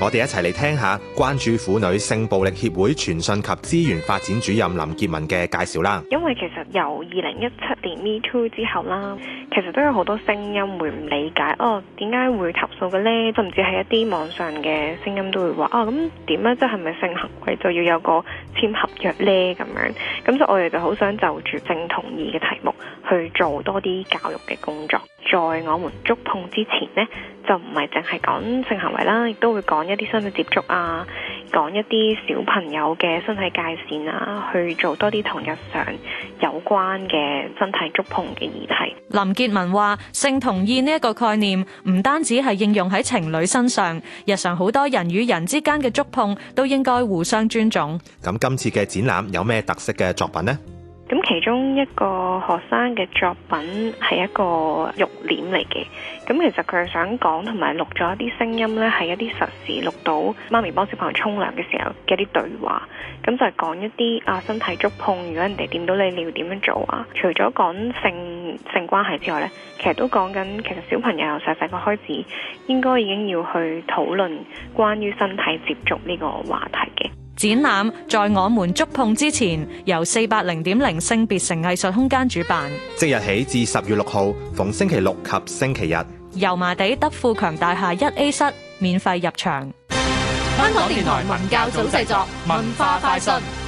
我哋一齊嚟聽下關注婦女性暴力協會傳訊及資源發展主任林建文嘅介紹啦。因為其實由二零一七年 Me Too 之後啦，其實都有好多聲音會唔理解，哦，點解會投訴嘅呢？都唔知係一啲網上嘅聲音都會話，哦，咁點啊？即係咪性行為就要有個簽合約呢？咁樣咁，所以我哋就好想就住性同意嘅題目去做多啲教育嘅工作。在我們，觸碰之前呢，就唔係淨係講性行為啦，亦都會講一啲身體接觸啊，講一啲小朋友嘅身體界線啊，去做多啲同日常有關嘅身體觸碰嘅議題。林傑文話：性同意呢一個概念唔單止係應用喺情侶身上，日常好多人與人之間嘅觸碰都應該互相尊重。咁今次嘅展覽有咩特色嘅作品呢？咁其中一個學生嘅作品係一個浴簾嚟嘅，咁其實佢係想講同埋錄咗一啲聲音咧，係一啲實時錄到媽咪幫小朋友沖涼嘅時候嘅一啲對話，咁就係講一啲啊身體觸碰，如果人哋掂到你，你要點樣做啊？除咗講性性關係之外咧，其實都講緊其實小朋友由細細個開始，應該已經要去討論關於身體接觸呢個話題。展覽在我們觸碰之前，由四百零點零性別成藝術空間主辦。即日起至十月六號，逢星期六及星期日，油麻地德富強大廈一 A 室免費入場。香港電台文教組製作，文化快訊。